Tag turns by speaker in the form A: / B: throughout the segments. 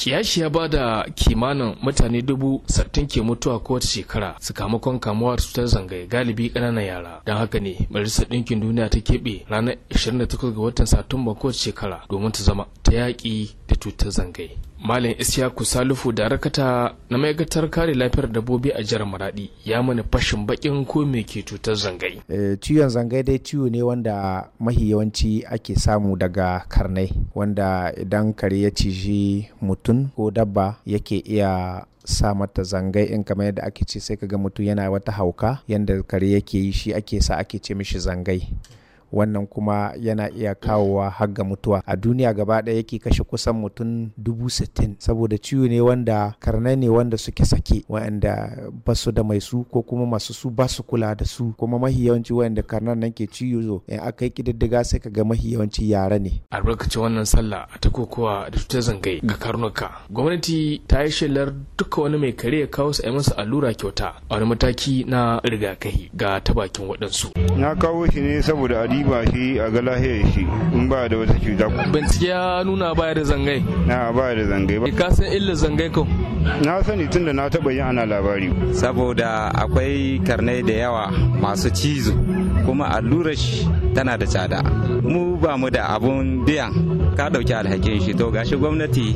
A: kiyashi ya ba da kimanin mutane dubu sattin ke mutuwa kowace shekara sakamakon kamuwa da cutar zangaye galibi ƙananan yara don haka ne majalisar ɗinkin duniya ta keɓe ranar 28 ga watan satumba kowace shekara domin ta zama ta yaƙi da cutar zangaye Malam Isyaku Salifu da rakata na ma'aikatar kare lafiyar dabbobi a jihar Maradi ya mana fashin bakin ko me ke cutar zangai.
B: Eh, ciwon zangai dai ciwo ne wanda mahi yawanci ake samu daga karnai wanda idan kare ya ciji mutum ko dabba yake iya sa mata zangai in kamar yadda ake ce sai kaga mutum yana wata hauka yanda kare yake yi shi ake sa ake ce mishi zangai. wannan kuma yana iya kawowa har ga mutuwa a duniya gaba ɗaya yake kashe kusan mutum dubu sittin saboda ciwo ne wanda karnai ne wanda suke sake wa'anda ba su da mai su ko kuma masu su ba su kula da su kuma mahi yawanci wa'anda karnan nan ke ciwo in aka yi kididdiga sai ka ga mahi yawanci yara ne
A: albarkacin wannan sallah ta kokowa da ta zangai ga karnuka gwamnati ta yi shelar duka wani mai kare ya kawo su a masa allura kyauta a wani mataki na rigakafi ga ta bakin waɗansu
B: na kawo shi ne saboda adi ba shi a ga lahiyar shi in ba da wata cuta bincike ya nuna ba da zangai na baya da zangai ba ka san illa zangai ko na sani tun da na taba yin ana labari saboda akwai karnai da yawa masu cizo kuma allurar shi tana da tsada mu ba mu da abun biyan ka ɗauki alhakin shi to gashi gwamnati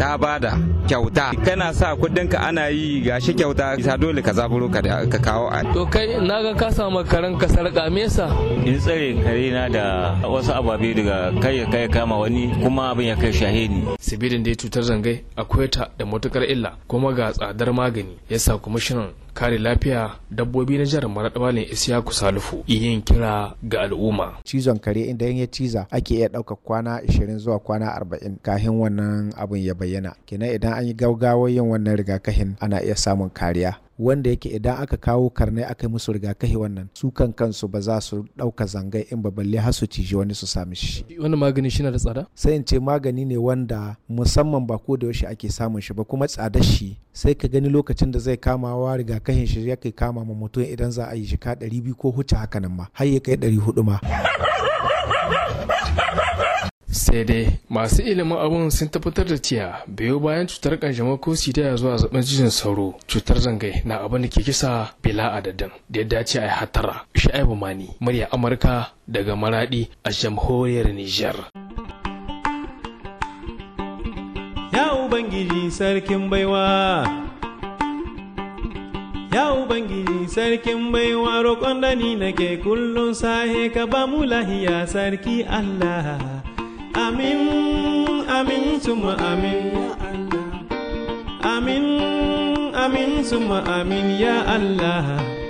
B: ta bada kyauta kana sa kudinka ana yi gashi kyauta sa dole ka zaburo ka kawo a
A: to kai na ga ka samu karan ka sarƙa me sa. in tsare kare na da wasu ababe daga kai kai kama wani kuma abin ya kai shahidi sibidin da ya cutar zangai akwai ta da matukar illa kuma ga tsadar magani yasa kwamishinan kare lafiya dabbobi na jihar Maraɗa isiya Isiyaku Salifu yin kira ga
B: al'umma. Cizon kare inda ya ciza ake iya ɗaukar kwana 20 zuwa kwana 40 kafin wannan abun ya bayyana. Kenan idan an yi gaugawar yin wannan rigakafin ana iya samun kariya. wanda yake idan aka kawo karnai aka yi musu rigakafi wannan su kan kansu ba za su ɗauka zangai in ba balle har su ciji wani su sami shi. Wani magani shi na da tsada? Sai in ce magani ne wanda musamman ba ko da yaushe ake samun shi ba kuma tsada shi sai ka gani lokacin da zai kama wa rigakafin shi ya kai kama ma mutum idan za a yi shi ka ɗari biyu ko huce haka nan ma har ya kai ɗari hudu ma. sai dai
A: masu ilimin abun sun tabbatar da cewa biyo bayan cutar kanjamau ko ya zuwa zaben jijin sauro cutar zangai na abin da ke kisa bila adadin da ya dace a yi hatara sha'ibu mani murya amurka daga maradi a jamhuriyar niger ya ubangiji sarkin baiwa ya ubangiji sarkin baiwa roƙon da ni nake kullum sahe ka ba mu lahiya sarki allah Amin, amin, suma amin, ya Allah. Amin, amin, suma amin, ya Allah.